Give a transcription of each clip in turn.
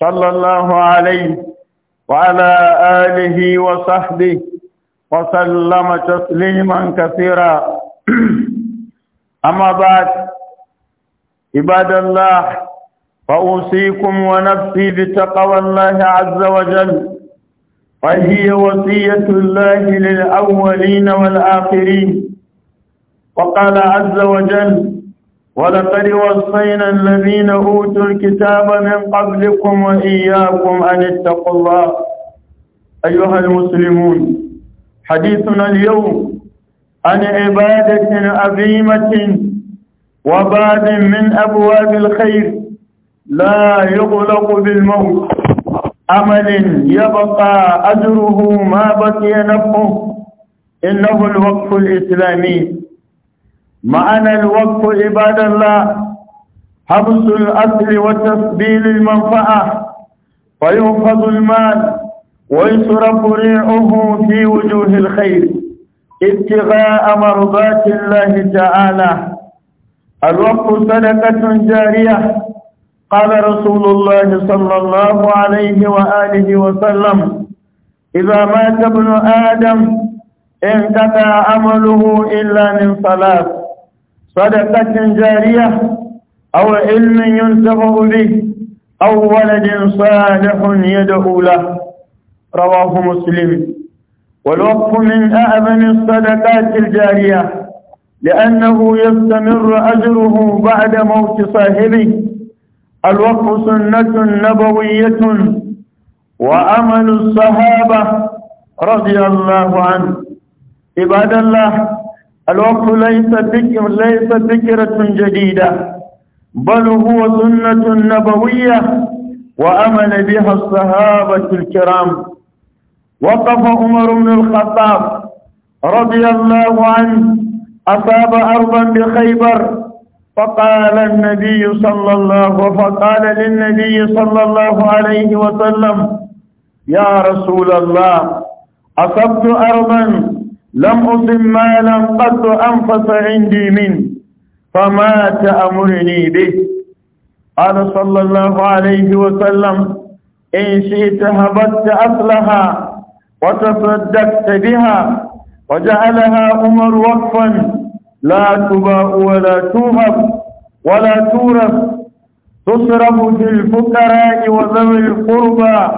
صلى الله عليه وعلى آله وصحبه وسلم تسليما كثيرا أما بعد عباد الله فأوصيكم ونفسي بتقوى الله عز وجل وهي وصية الله للأولين والآخرين وقال عز وجل ولقد وصينا الذين أوتوا الكتاب من قبلكم وإياكم أن اتقوا الله أيها المسلمون حديثنا اليوم عن عبادة عظيمة وباب من أبواب الخير لا يغلق بالموت عمل يبقى أجره ما بقي نفعه إنه الوقف الإسلامي معنى الوقف عباد الله حبس الأصل وتسبيل المنفعة فيوفض المال ويصرف ريعه في وجوه الخير ابتغاء مرضات الله تعالى الوقف صدقة جارية قال رسول الله صلى الله عليه وآله وسلم إذا مات ابن آدم انقطع عمله إلا من صلاة صدقة جارية أو علم ينتفع به أو ولد صالح يدعو له رواه مسلم والوقف من أعظم الصدقات الجارية لأنه يستمر أجره بعد موت صاحبه الوقف سنة نبوية وأمل الصحابة رضي الله عنه عباد الله الوقت ليس فكر ليس فكرة جديدة بل هو سنة نبوية وأمل بها الصحابة الكرام وقف عمر بن الخطاب رضي الله عنه أصاب أرضا بخيبر فقال النبي صلى الله فقال للنبي صلى الله عليه وسلم يا رسول الله أصبت أرضا لم أصم مالا قط أنفس عندي منه فما تأمرني به قال صلى الله عليه وسلم إن شئت هبطت أصلها وتصدقت بها وجعلها عمر وقفا لا تباء ولا توهب ولا تورث تصرف في الفقراء وذوي القربى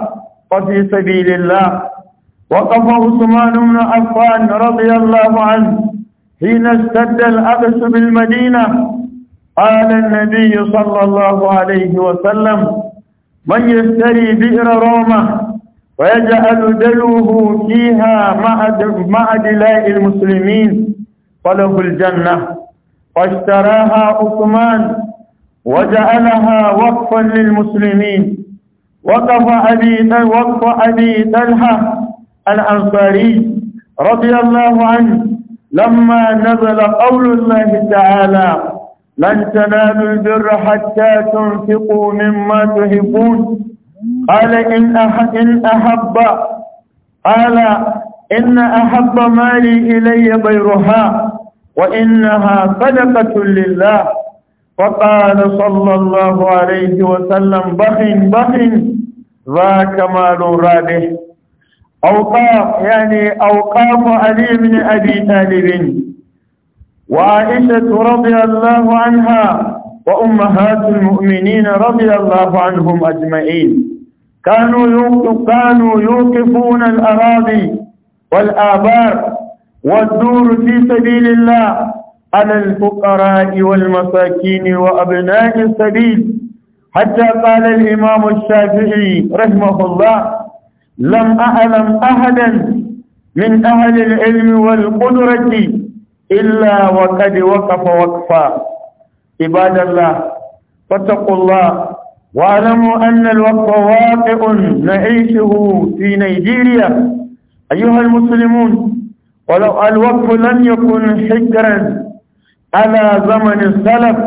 وفي سبيل الله وقف عثمان بن عفان رضي الله عنه حين اشتد الأبس بالمدينة قال النبي صلى الله عليه وسلم من يشتري بئر رومة ويجعل دلوه فيها مع دلاء المسلمين فله الجنة واشتراها عثمان وجعلها وقفا للمسلمين وقف أبي وقف أبي طلحة الأنصاري رضي الله عنه لما نزل قول الله تعالى لن تنالوا البر حتى تنفقوا مما تحبون قال إن أحب, إن أحب قال إن أحب مالي إلي بيرها وإنها صدقة لله فقال صلى الله عليه وسلم بخ بخ ذاك مال رابح أوقاف يعني أوقاف علي بن أبي طالب وعائشة رضي الله عنها وأمهات المؤمنين رضي الله عنهم أجمعين كانوا كانوا يوقفون الأراضي والآبار والدور في سبيل الله على الفقراء والمساكين وأبناء السبيل حتى قال الإمام الشافعي رحمه الله لم أعلم أحدا من أهل العلم والقدرة إلا وقد وقف وقفا عباد الله فاتقوا الله واعلموا أن الوقف واقع نعيشه في نيجيريا أيها المسلمون ولو الوقف لم يكن حكرا على زمن السلف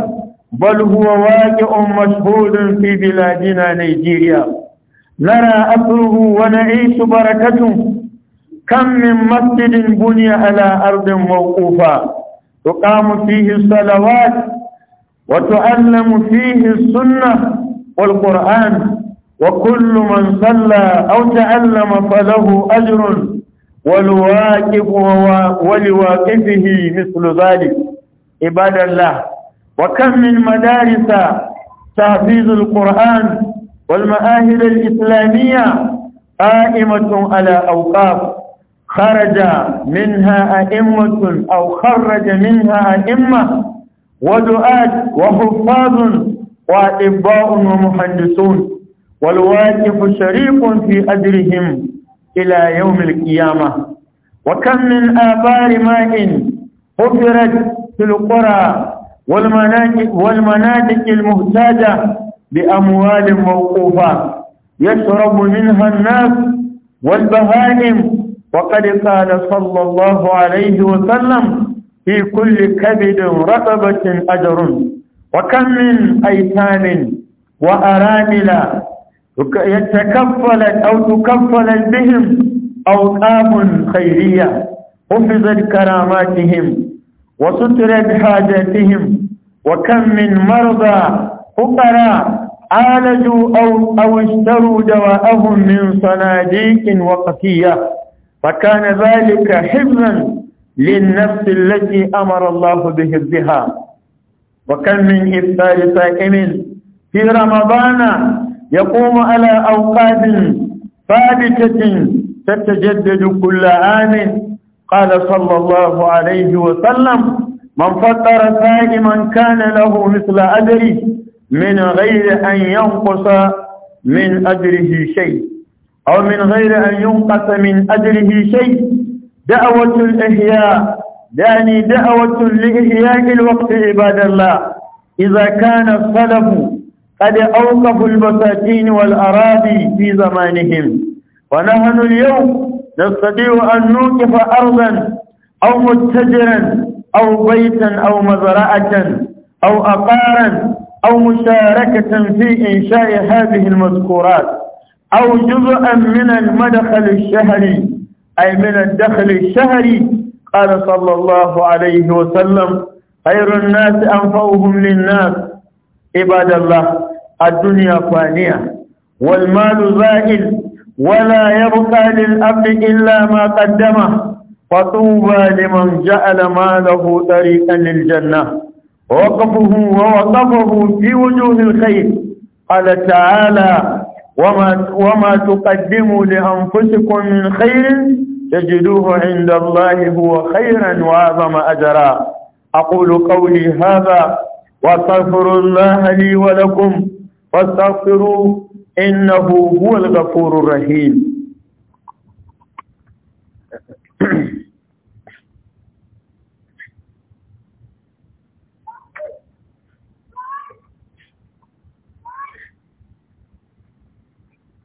بل هو واقع مشهود في بلادنا نيجيريا لنا أصله ونعيش بركته كم من مسجد بني على أرض موقوفة تقام فيه الصلوات وتعلم فيه السنة والقرآن وكل من صلى أو تعلم فله أجر ولواقف ولواقفه مثل ذلك عباد الله وكم من مدارس تحفيظ القرآن والمآهل الإسلامية قائمة على أوقاف خرج منها أئمة أو خرج منها أئمة ودعاة وحفاظ وأطباء ومهندسون والواقف شريف في أجرهم إلى يوم القيامة وكم من آبار ماء حفرت في القرى والمناطق المهتاجة بأموال موقوفة يشرب منها الناس والبهائم وقد قال صلى الله عليه وسلم في كل كبد رقبة أجر وكم من أيتام وأرامل يتكفلت أو تكفلت بهم أوقاف خيرية حفظت كراماتهم وسترت حاجاتهم وكم من مرضى فقراء عالجوا أو, أو اشتروا دواءهم من صناديق وقتية فكان ذلك حفظا للنفس التي أمر الله بحفظها وكم من إفطار سائم في رمضان يقوم على أوقات ثابتة تتجدد كل عام قال صلى الله عليه وسلم من فطر سائما كان له مثل أجره من غير أن ينقص من أجره شيء أو من غير أن ينقص من أجره شيء دعوة الإحياء يعني دعوة لإحياء الوقت عباد الله إذا كان السلف قد أوقفوا البساتين والأراضي في زمانهم ونحن اليوم نستطيع أن نوقف أرضا أو متجرا أو بيتا أو مزرعة أو أقارا أو مشاركة في إنشاء هذه المذكورات أو جزءا من المدخل الشهري أي من الدخل الشهري قال صلى الله عليه وسلم خير الناس أنفوهم للناس عباد الله الدنيا فانية والمال زائل ولا يبقى للأب إلا ما قدمه فطوبى لمن جعل ماله طريقا للجنة ووقفه ووقفه في وجوه الخير قال تعالى وما, وما تقدموا لأنفسكم من خير تجدوه عند الله هو خيرا وأعظم أجرا أقول قولي هذا واستغفر الله لي ولكم واستغفروا إنه هو الغفور الرحيم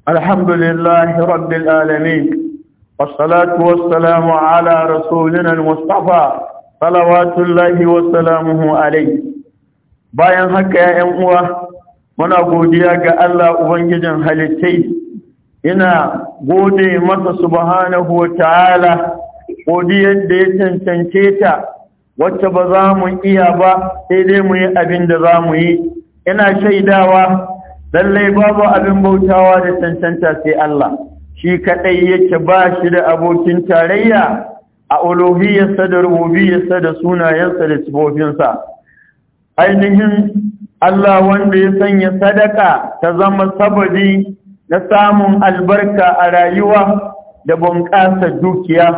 الحمد لله رب العالمين والصلاة والسلام على رسولنا المصطفى صلوات الله وسلامه عليه bayan haka ya uwa muna godiya ga Allah ubangijin halittai ina gode masa subhanahu wataala godiyar da ya cancance ta wacce ba za mu iya ba sai dai mu yi abin da za mu yi ina shaidawa lallai babu abin bautawa da cancanta sai Allah shi kadai yake ba shi da abokin tarayya a uluhiyyarsa da rububiyyarsa da sunayensa da sifofinsa ainihin Allah wanda ya sanya sadaka ta zama sababi na samun albarka a rayuwa da bunƙasa dukiya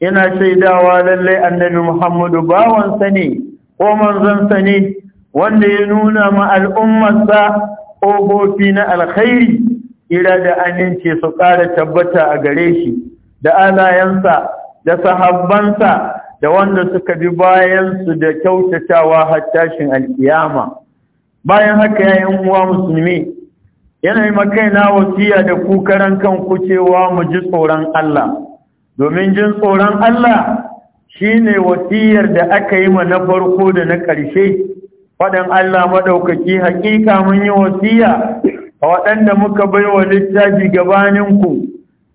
ina shaidawa lallai annabi Muhammadu bawansa ne ko manzansa ne wanda ya nuna ma al'ummarsa ƙofofi na alkhairi ira da ce su ƙara tabbata a gare shi da alayensa da sahabbansa da wanda suka bi bayansu da kyautatawa har tashin alkiyama bayan haka yayin uwa musulmi yanayi makaina wasiya da ku kan kucewa cewa mu ji tsoron Allah domin jin tsoron Allah shine wasiyar da aka yi ma na farko da na ƙarshe faɗin Allah maɗaukaki hakika mun yi wasiya a waɗanda muka bai wa littafi gabaninku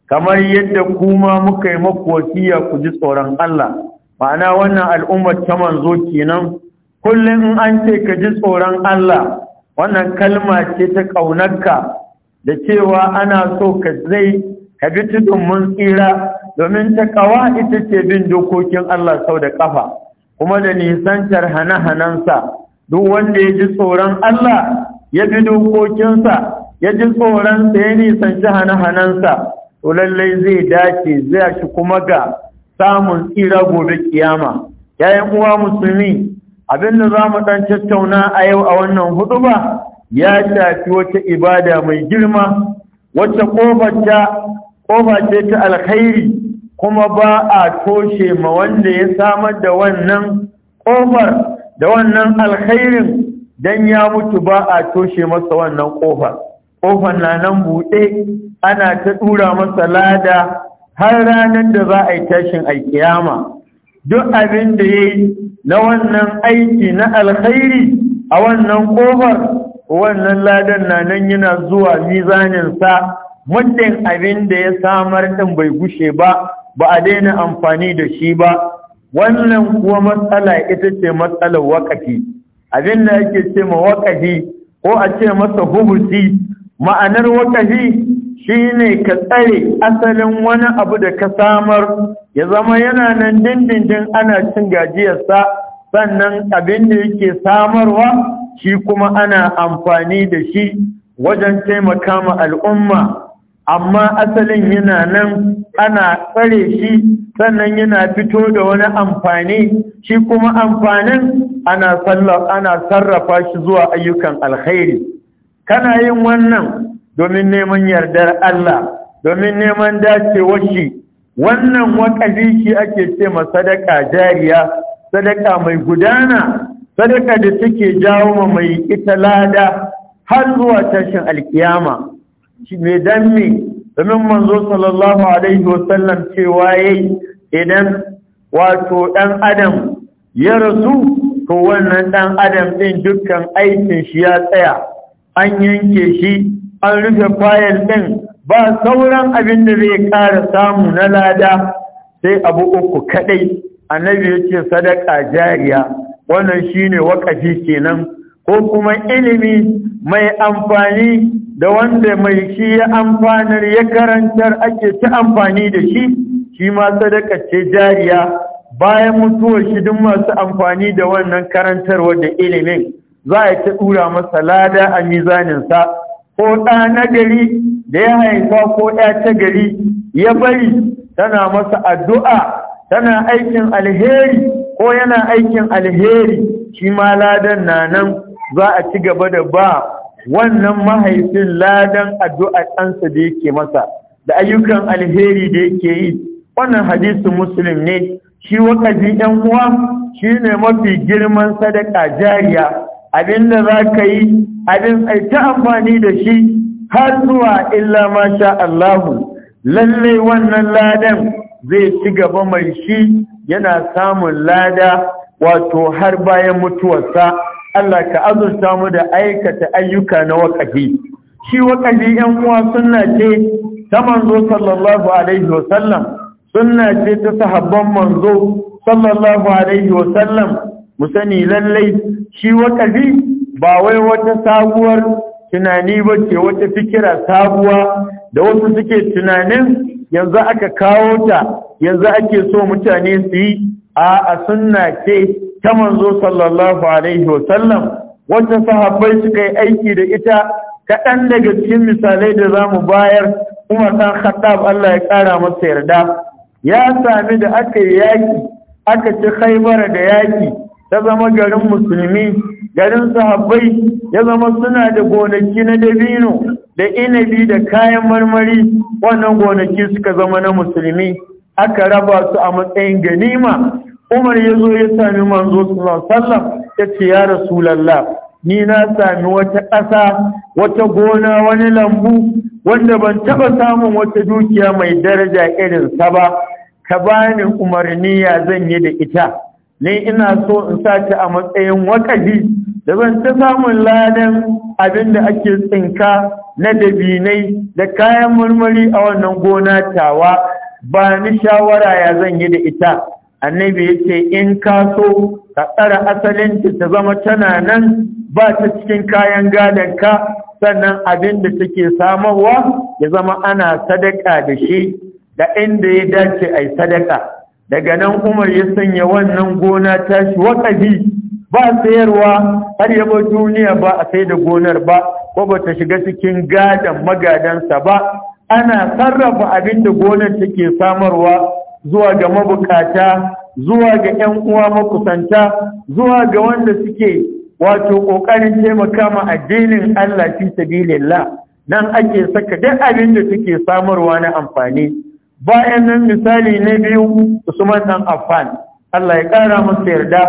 kamar yadda kuma muka yi maku wasiya ku ji tsoron Allah ma'ana wannan al'ummar ta manzo kenan kullum in an ce ka ji tsoron Allah wannan kalma ce ta ƙaunarka da cewa ana so ka zai ka bi tudun mun tsira domin ta ƙawa ita ce bin dokokin Allah sau da ƙafa kuma da nisan hane hanansa duk wanda ya ji tsoron Allah ya bi dokokinsa ya ji tsoron sa ya nisanci hana-hanansa to lallai zai dace zai shi kuma ga samun tsira gobe kiyama yayin uwa musulmi abinda da za mu ɗan tattauna a yau a wannan hudu ba ya shafi wata ibada mai girma wacce ƙofa ce ta alkhairi kuma ba a toshe ma wanda ya samar da wannan ƙofar da wannan alkhairin dan ya mutu ba a toshe masa wannan kofa kofan na nan buɗe ana ta dura masa lada har ranar da za a yi tashin alkiyama duk abin da yayi na wannan aiki na alkhairi a wannan kofar wannan ladan na nan yana zuwa mizanin sa muddin abin da ya samar din bai gushe ba ba a daina amfani da shi ba wannan kuwa matsala ita ce matsalar wakati abin da yake ce ma wakati ko a ce masa hubusi ma'anar wakati shine ka tsare asalin wani abu da ka samar ya zama yana nan dindindin ana cin gajiyarsa sannan abin da yake samarwa shi kuma ana amfani da shi wajen taimaka ma al'umma amma asalin yana nan ana tsare shi sannan yana fito da wani amfani shi kuma amfanin ana sarrafa shi zuwa ayyukan alkhairi kana yin wannan domin neman yardar Allah domin neman dacewar shi wannan wakafi shi ake ce ma sadaka jariya sadaka mai gudana sadaka da take jawo mai ita lada har zuwa tashin alkiyama Mai dan me domin manzo sallallahu alaihi wasallam cewa yayi idan wato dan adam ya rasu to wannan dan adam din dukkan aikin shi ya tsaya an yanke shi an rufe fayil din ba sauran abin da zai ƙara samu na lada sai abu uku kadai annabi ya ce sadaka jariya wannan shine wakafi kenan ko kuma ilimi mai amfani da wanda mai shi ya amfanar ya karantar ake ta amfani da shi shi ma sadaka ce jariya bayan mutuwar shi duk masu amfani da wannan karantarwa da ilimin za a ta ɗura masa lada a mizaninsa ko ɗa na gari da ya haifa ko ya ta gari ya bari tana masa addu'a tana aikin alheri ko yana aikin alheri shi ma ladan na nan za a ci gaba da ba wannan mahaifin ladan addu'a ɗansa da yake masa da ayyukan alheri da yake yi wannan hadisin musulun ne shi wakazi 'yan uwa shi ne mafi girman sadaka jariya abinda za ka yi abin ta amfani da shi har zuwa illa masha Allahu lallai wannan ladan zai ci gaba mai shi yana samun lada wato har bayan mutuwarsa Allah ka azurta mu da aikata ayyuka na wakafi shi wakafi yan uwa sunna ce ta manzo sallallahu alaihi sallam sunna ce ta sahabban manzo sallallahu alaihi mu sani lallai shi wakafi ba wai wata sabuwar tunani ba ce wata fikira sabuwa da wasu suke tunanin yanzu aka kawo ta yanzu ake so mutane su yi a sunna ce ta manzo sallallahu alaihi wasallam wacce sahabbai suka yi aiki da ita kaɗan daga cikin misalai da za mu bayar umar ɗan khattab Allah ya ƙara masa yarda ya sami da aka yi yaƙi aka ci haifar da yaƙi ta zama garin musulmi garin sahabbai ya zama suna da gonaki na dabino da inabi da kayan marmari wannan gonaki suka zama na musulmi aka raba su a matsayin ganima umar ya zo ya sami manzo sallallahu ya ce ya rasulallah ni na sami wata ƙasa wata gona wani lambu wanda ban taɓa samun wata dukiya mai daraja irin sa ba ka bani umarni ya zan yi da ita ni ina so in sa ta a matsayin wakafi da ban ta samun ladan abin da ake tsinka na dabinai da kayan murmuri a wannan gona tawa ba ni shawara ya zan yi da ita annabi ya ce in ka so ka tsara asalinta ta zama tana nan ba ta cikin kayan gadon ka, sannan abin da take samarwa ya zama ana sadaka da shi da inda ya dace a sadaka daga nan umar ya sanya wannan gona tashi waƙafi ba sayarwa har yaba duniya ba a sai da gonar ba ko ba ta shiga cikin gadan magadansa ba ana sarrafa abin da gonar take samarwa zuwa ga mabukata zuwa ga 'yan uwa makusanta zuwa ga wanda suke wato ƙoƙarin taimaka ma addinin Allah fi sabilillah nan ake saka duk abin da take samarwa na amfani bayan nan misali na biyu Usman dan Affan Allah ya kara masa yarda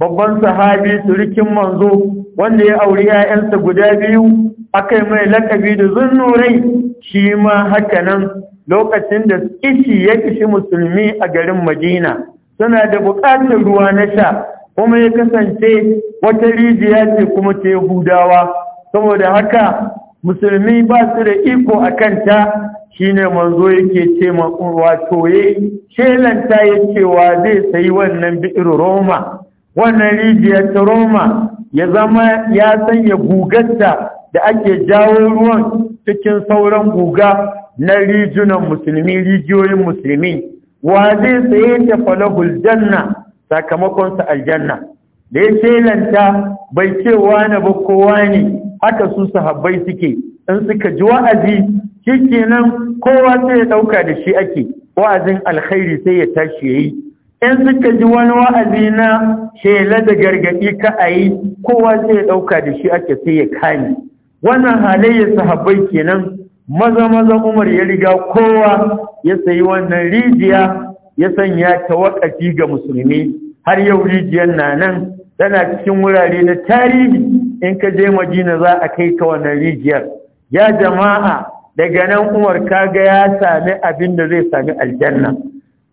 babban sahabi surikin manzo wanda ya auri ‘ya'yansa guda biyu aka yi mai lakabi da zunnurai shi ma haka nan. lokacin da kishi ya kishi musulmi a garin madina suna da buƙatar ruwa na sha kuma ya kasance wata rijiya ce kuma ta yahudawa saboda haka musulmi ba su da iko a kanta ne manzo yake ce wato ya shelanta ya cewa zai sayi wannan bi'ir roma wannan rijiyar ta roma ya zama ya sanya gugarta da ake jawo ruwan cikin sauran guga na rijunan musulmi rijiyoyin musulmi wa zai tsaye ta falahul janna sakamakonsa aljanna da ya shelanta bai ce wani ba kowa ne haka su sahabbai suke in suka ji wa'azi kenan kowa sai ya ɗauka da shi ake wa'azin alkhairi sai ya tashi ya yi. in suka ji wani wa'azi na shela da gargaɗi ka a yi kowa sai ɗauka da shi ake sai ya kame wannan halayyar sahabbai kenan maza maza umar ya riga kowa ya sayi wannan rijiya ya sanya ta waƙafi ga musulmi har yau rijiyar na nan tana cikin wurare na tarihi in ka je madina za a kai ka wannan rijiyar ya jama'a daga nan umar kaga ya sami abin da zai sami aljanna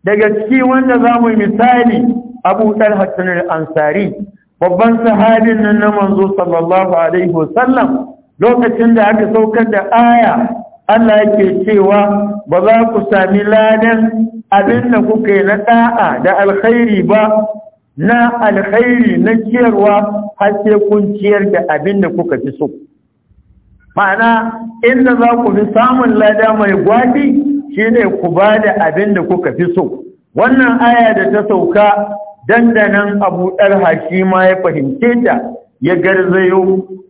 daga ciki wanda za mu misali abu talhatun ansari babban sahabin nan na manzo sallallahu alaihi wasallam lokacin da aka saukar da aya Allah yake cewa ba za ku sami ladan abin da kuka yi na da'a da alkhairi ba na alkhairi na ciyarwa har sai kun ciyar da abin da kuka fi so ma'ana inda za ku fi samun lada mai gwadi Shi ne ku ba da abin da kuka fi so wannan aya da ta sauka dandanan abu ɗarha shi ma ya fahimce ta ya garzayo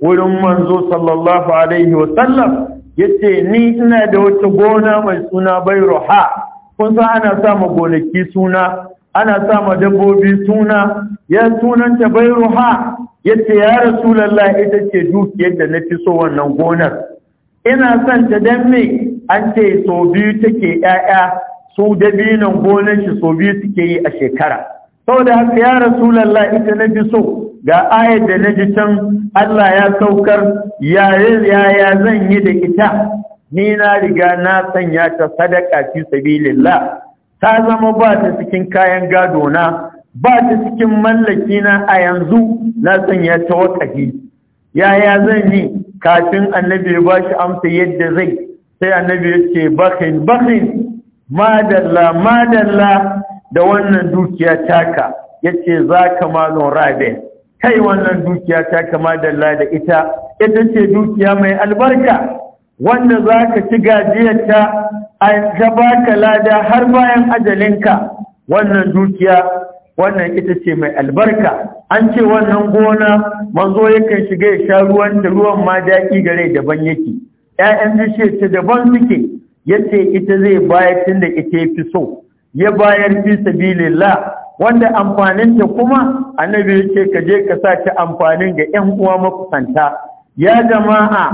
wurin manzo sallallahu alaihi wasallam ya ce ni ina da wata gona mai suna bai roha kun san ana sama gonaki suna ana sama dabbobi suna ya sunanta bai roha ya ce ya rasulallah ita ce dukiyar da na fi so wannan gonar ina son ta don an ce so biyu take ‘ya'ya su dabinan gonar shi so biyu suke yi a shekara Sau da haka ya rasu lalla ita na fi so ga ayar da na ji can Allah ya saukar yaya zan yi da ita ni na riga na sanya ta sadaka fi sabilillah ta zama ba ta cikin kayan gado na ba ta cikin mallaki na a yanzu na sanya ta wakafi yaya zan yi kafin annabi ya bashi amsa yadda zai sai annabi ya ce bakin bakin madalla madalla da wannan dukiya taka yace ce za ka malon rabin kai wannan dukiya taka madalla da ita ita ce dukiya mai albarka wanda za ka ci gajiyarta a gaba baka lada har bayan ajalinka wannan dukiya wannan ita ce mai albarka an ce wannan gona manzo yakan shiga ya sha ruwan da ruwan ma daƙi gare daban yake ya'yan bishe ta daban suke yace ita zai bayar tun da ita fi so ya bayar fi sabilillah wanda amfaninta kuma annabi ce, ka je ka sa ta amfanin ga yan uwa makusanta ya jama'a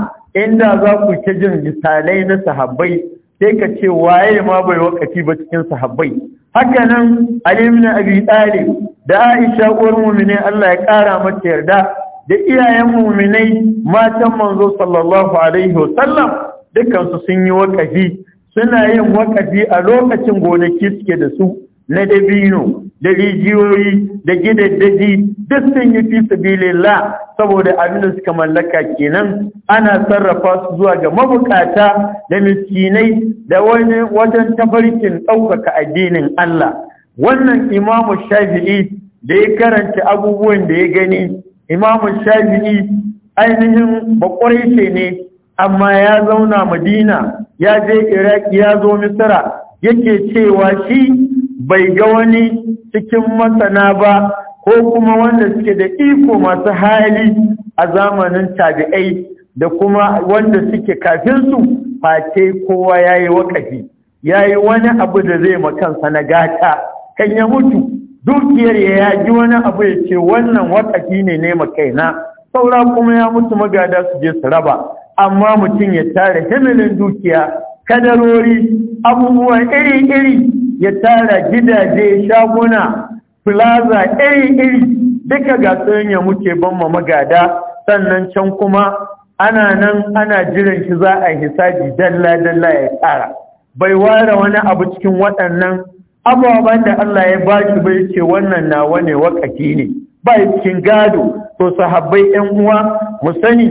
inda za ku ta jin misalai na sahabbai sai ka ce waye ma bai wakati ba cikin sahabbai haka nan Ali Abi Talib da Aisha uwar mu'minin Allah ya kara mata yarda da iyayen muminai matan manzo sallallahu alaihi wasallam dukansu sun yi wakafi suna yin wakafi a lokacin gonaki suke da su na dabino da rijiyoyi da gidaddaji duk sun yi fi sabilillah saboda abin da suka mallaka kenan ana sarrafa su zuwa ga mabukata da miskinai da wani wajen tafarkin ɗaukaka addinin Allah wannan imamu shafi'i da ya karanta abubuwan da ya gani imamu shafi'i ainihin ce ne amma ya zauna madina ya je iraki ya zo misira yake cewa shi bai ga wani cikin masana ba ko kuma wanda suke da iko masu hali a zamanin tabi'ai da kuma wanda suke kafin su? face kowa ya yi wakafi ya yi wani abu da zai makansa na gata kan ya mutu dukiyar ya yaji wani abu ya ce wannan wakaki ne nema kaina saura kuma ya mutu magada su je su raba amma mutum ya tara himilin dukiya kadarori abubuwa iri-iri ya tara gidaje shaguna plaza iri-iri duka gasoyin ya muke banma magada sannan can kuma ana nan ana jiran shi za a hisabi dalla-dalla ya tsara bai ware wani abu cikin waɗannan abubuwan da Allah ya ba shi bai ce wannan nawa ne wakati ne ba cikin gado to sahabbai ɗan uwa mu sani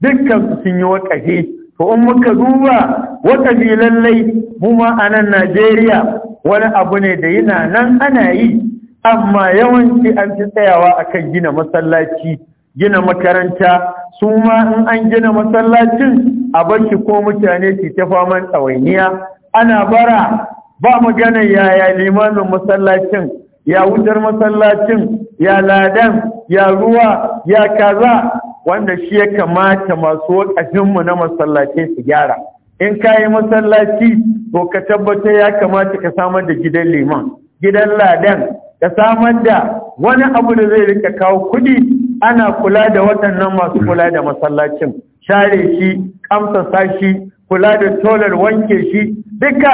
dukkan sun yi wakati to in muka duba wakati lallai mu ma a nan Najeriya wani abu ne da yana nan ana yi amma yawanci an fi tsayawa akan gina masallaci gina makaranta su ma in an gina masallacin a barci ko mutane su ta faman ɗawainiya ana bara ba magana yaya limanin masallacin ya wutar masallacin ya ladan ya ruwa ya kaza wanda shi ya kamata masu wakafinmu na masallaci su gyara in ka yi masallaci to ka tabbata ya kamata ka samar da gidan liman gidan ladan ka samar da wani abu da zai rika kawo kuɗi ana kula da waɗannan masu kula da masallacin share shi kamsa sashi kula da tolar wanke shi duka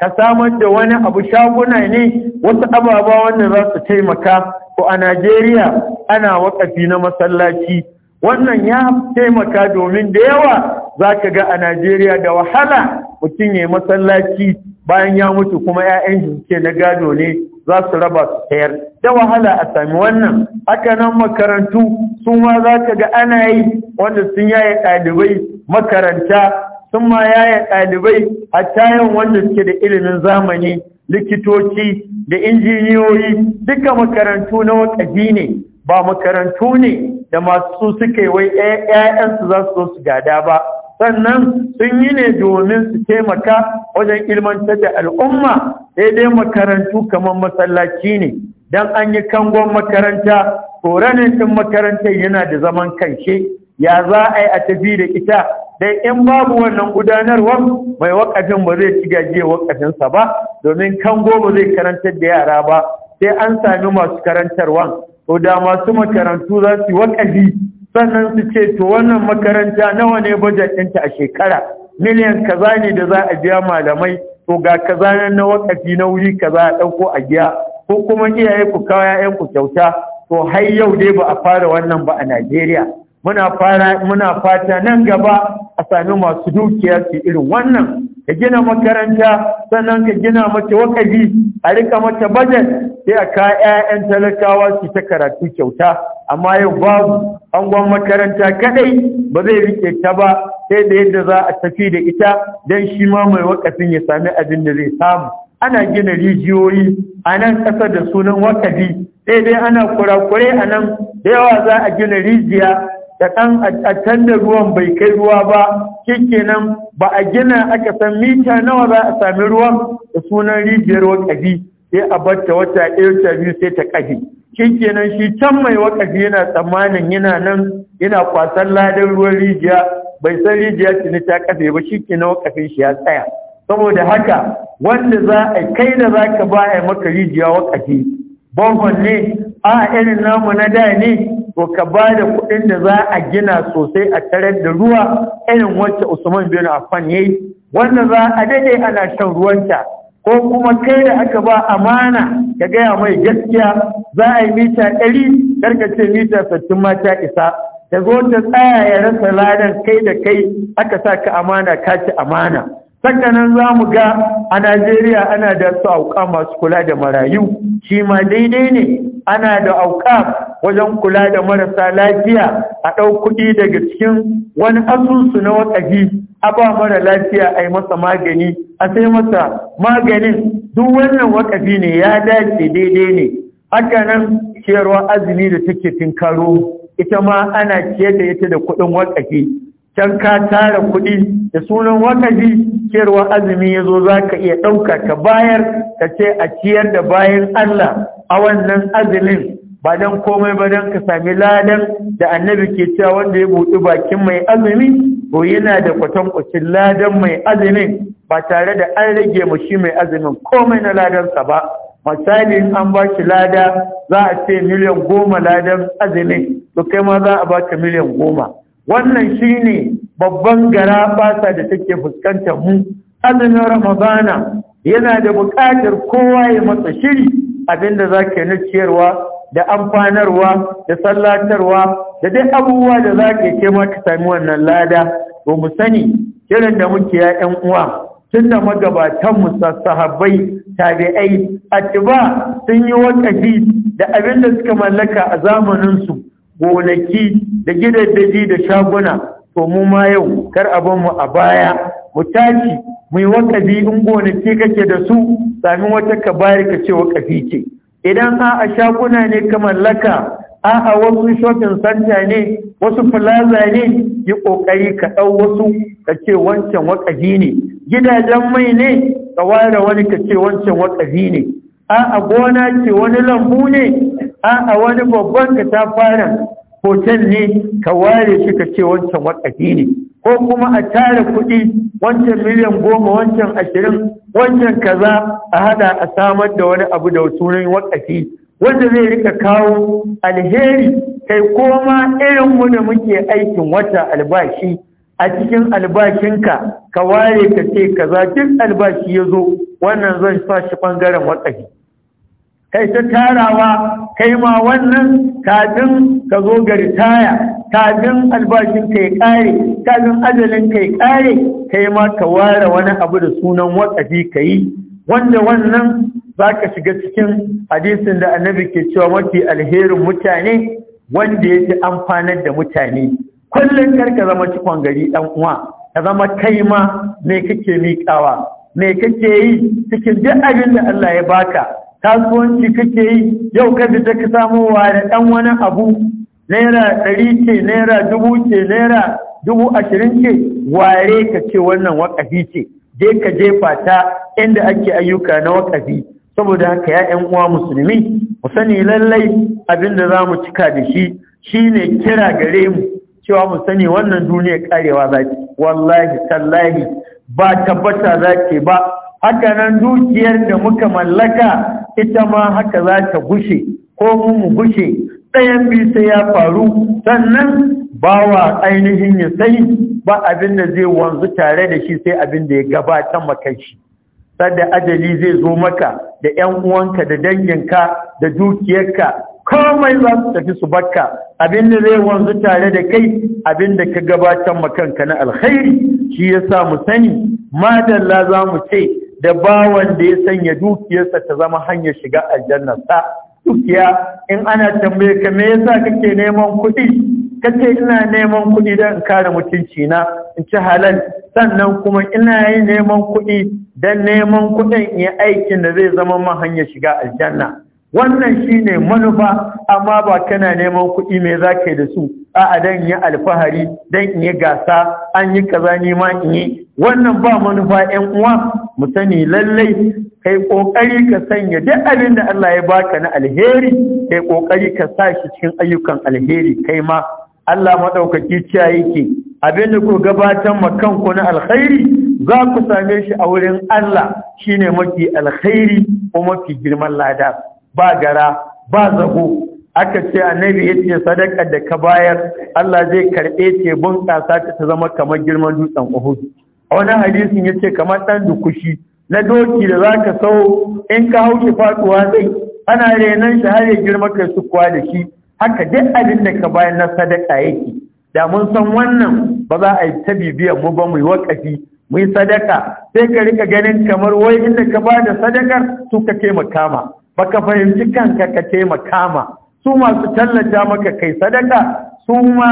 ka samar da wani abu shaguna ne wasu ababa wanda za su taimaka ko a Najeriya ana wakafi na masallaci wannan ya taimaka domin da yawa za ka ga a Najeriya da wahala mutum ya masallaci bayan ya mutu kuma 'ya'yan shi ke na gado ne za su raba su sayar da wahala a sami wannan haka nan makarantu su ma za ka ga ana yi wanda sun yaye ɗalibai makaranta sun ma yaya ɗalibai a tayan wanda suke da ilimin zamani likitoci da injiniyoyi duka makarantu na wakaji ne ba makarantu ne da masu suka yi wai ‘ya'yansu za su su gada ba sannan sun yi ne domin su taimaka wajen ilmantar da al'umma daidai makarantu kamar masallaci ne don an yi kangon makaranta koranin makarantar yana da zaman kanshe ya za a yi a tafi da ita dai in babu wannan gudanarwar mai wakafin ba zai ci gaje wakafinsa ba domin kan ba zai karantar da yara ba sai an sami masu karantarwa to da masu makarantu za su wakafi sannan su ce to wannan makaranta nawa ne bajet ɗinta a shekara miliyan kaza ne da za a biya malamai to ga kaza na wakafi na wuri kaza a ɗauko a giya ko kuma iyaye ku kawo 'ya'yanku kyauta to har yau dai ba a fara wannan ba a Najeriya muna fata nan gaba a sami masu dukiya su irin wannan ka gina makaranta sannan ka gina mace wakabi a rika mace bajet sai a ka 'ya'yan talakawa su ta karatu kyauta amma yau babu angon makaranta kadai ba zai rike ta ba sai da yadda za a tafi da ita don shi ma mai wakafin ya sami abin da zai samu ana gina rijiyoyi a nan ƙasa da sunan wakabi sai dai ana kurakurai a nan da yawa za a gina rijiya da ɗan a da ruwan bai kai ruwa ba kenan ba a gina aka san mita nawa za a sami ruwan da sunan rijiyar wakafi sai a batta wata ɗaya ta biyu sai ta ƙafe kenan shi can mai wakafi yana tsammanin yana nan yana kwasan ladan ruwan rijiya bai san rijiya tuni ta ƙafe ba kenan wakafin shi ya tsaya saboda haka wanda za a kai da za ka ba a maka rijiya wakafi bonbon ne a irin namu na da ne Ko ka ba da kuɗin da za a gina sosai a tarar da ruwa irin wacce usman bin affan yayi wanda za a dade ana shan ruwanta ko kuma kai da aka ba amana ka gaya mai gaskiya za a yi mita ɗari karka ce mita sattin mata isa ta zo ta tsaya ya rasa ladan kai da kai aka saka amana ka ci amana sakanan za mu ga a najeriya ana da su auka masu kula da marayu shi ma daidai ne ana da auka wajen kula da marasa lafiya a ɗau kuɗi daga cikin wani asusu na wakafi a ba mara lafiya a yi masa magani a sai masa maganin duk wannan wakafi ne ya dace daidai ne haka nan ciyarwa azumi da take tinkaro ita ma ana ciyar da ita da kuɗin wakafi can ka tara kuɗi da sunan wakazi ciyarwa azumi ya zo za ka iya ɗauka ka bayar ka ce a ciyar da bayan Allah a wannan azumin ba don komai ba don ka sami ladan da annabi ke cewa wanda ya buɗi bakin mai azumi ko yana da kwatankwacin ladan mai azumin ba tare da an rage mu shi mai azumin komai na ladansa ba misali an ba shi lada za a ce miliyan goma ladan azumin to kai ma za a baka miliyan goma wannan shi ne babban gara fasa da take fuskantar mu azumin ramadana yana da buƙatar kowa ya matsa shiri abinda za ka na ciyarwa da amfanarwa da sallatarwa da dai abubuwa da za ka ke ma ka sami wannan lada ba mu sani kiran da muke ya ƴan uwa tun da magabatanmu sahabbai tabi'ai atiba sun yi wakafi da abinda suka mallaka a zamaninsu gonaki da gidaddaji da shaguna to mu ma yau kar abin mu a baya mu tashi mu yi in gonaki kake da su sami wata ka bari ka ce ce idan a a shaguna ne ka mallaka a a wasu shopping center ne wasu plaza ne yi kokari ka dau wasu ka ce wancan wakafi ne gidajen mai ne ka ware wani ka ce wancan wakafi ne a a gona ce wani lambu ne a wani babban ka hotel ne ka ware shi ka ce wancan wakafi ne ko kuma a tara kuɗi wancan miliyan goma wancan ashirin wancan kaza a hada a samar da wani abu da sunan wakafi wanda zai rika kawo alheri kai koma irin mu da muke aikin wata albashi a cikin albashinka ka ware ka ce kaza duk albashi ya zo wannan zan sa shi ɓangaren wakafi kai ta tarawa kai ma wannan kafin ka zo ga ritaya kafin albashin ka yi kare kafin ajalin ka yi kare kai ma ka ware wani abu da sunan wakafi ka yi wanda wannan za ka shiga cikin hadisin da annabi ke cewa mafi alherin mutane wanda ya fi amfanar da mutane kullum karka zama cikon gari dan uwa ka zama kai ma me kake miƙawa me kake yi cikin duk abin da Allah ya baka kasuwanci kake yi yau ka fita ka samu wa ɗan wani abu naira ɗari ce naira dubu ce naira dubu ashirin ce ware ka ce wannan wakafi ce je ka jefa ta inda ake ayyuka na wakafi saboda haka ya ƴan uwa musulmi mu sani lallai abin da za mu cika da shi shine kira gare mu cewa mu sani wannan duniya karewa za wallahi tallahi ba tabbata za ba haka nan dukiyar da muka mallaka ita ma haka za ta gushe ko mu mu gushe ɗayan bi sai ya faru sannan ba wa ainihin ya sai ba abin da zai wanzu tare da shi sai abin da ya gabatar maka shi sadda ajali zai zo maka da ƴan uwanka da danginka da dukiyarka komai za su tafi su bakka abin da zai wanzu tare da kai abin da ka gabatar makanka na alkhairi shi yasa mu sani madalla za mu ce da bawan da ya sanya dukiyarsa ta zama hanyar shiga aljanna sa dukiya in ana tambaye ka me yasa kake neman kuɗi kace ina neman kuɗi don in kare mutunci na in ci halal sannan kuma ina yin neman kuɗi don neman kuɗin in aikin da zai zama man hanyar shiga aljanna wannan shine manufa amma ba kana neman kuɗi me yi da su a'a adan yi alfahari dan in yi gasa an yi kaza ma in yi wannan ba manufa 'yan uwa mu sani lallai kai ƙoƙari ka sanya duk abin da Allah ya baka na alheri kai kokari ka sa shi cikin ayyukan alheri kai ma Allah maɗaukaki ciya yake abin da ku gabatar ku na alkhairi za ku same shi a wurin Allah shine mafi alkhairi ko mafi girman lada ba gara ba zago aka ce annabi ya ce sadakar da ka bayar Allah zai karɓe ce bunƙasa ta ta zama kamar girman dutsen Uhud a wani hadisin ya ce kamar ɗan dukushi na doki da za ka sau in ka hau shi faɗuwa zai ana renon shi har ya girma kai su kuwa da shi haka duk abin da ka bayar na sadaka yake da mun san wannan ba za a yi ta bibiyar mu ba mu yi wakafi mu yi sadaka sai ka rika ganin kamar wai inda ka ba da sadakar su ka taimaka ma baka fahimci kanka ka taimaka ma su masu tallata maka kai sadaka su ma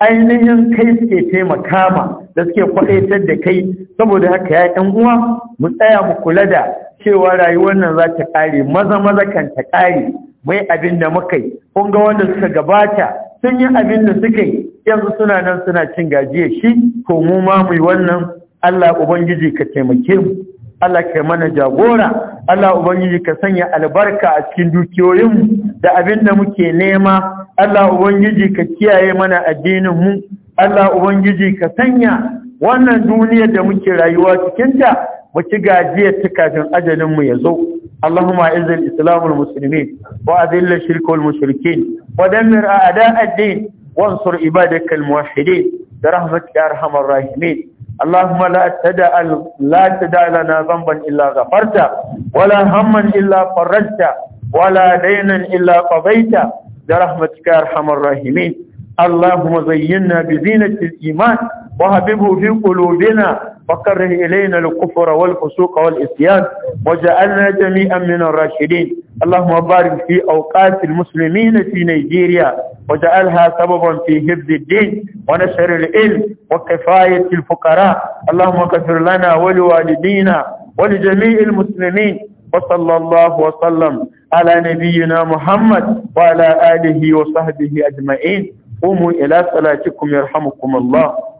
ainihin kai suke taimaka ma da suke kwaɗaitar da kai saboda haka ya ɗan uwa mu tsaya mu kula da cewa rayuwar nan za ta ƙare maza maza kan ta ƙare mai abin da muka yi ga wanda suka gabata sun yi abin da suka yi yanzu suna nan suna cin gajiya shi ko mu ma mu yi wannan Allah ubangiji ka taimake mu Allah kai mana jagora Allah ubangiji ka sanya albarka a cikin dukiyoyin da abin da muke nema Allah ubangiji ka kiyaye mana addinin mu Allah ubangiji ka sanya wannan duniyar da muke rayuwa cikin ta mu ci gajiyar ta kafin ajalin mu ya zo اللهم اعز الاسلام والمسلمين واذل الشرك والمشركين ودمر اعداء الدين وانصر عبادك الموحدين برحمتك يا ارحم الراحمين اللهم لا تدع لا تدع لنا ذنبا الا غفرته ولا هما الا فرجته ولا دينا الا قضيته برحمتك يا ارحم الراحمين اللهم زينا بزينه الايمان وحببه في قلوبنا فكره إلينا الكفر والفسوق والإسيان وجعلنا جميعا من الراشدين اللهم بارك في أوقات المسلمين في نيجيريا وجعلها سببا في حفظ الدين ونشر العلم وكفاية الفقراء اللهم اغفر لنا ولوالدينا ولجميع المسلمين وصلى الله وسلم على نبينا محمد وعلى آله وصحبه أجمعين قوموا إلى صلاتكم يرحمكم الله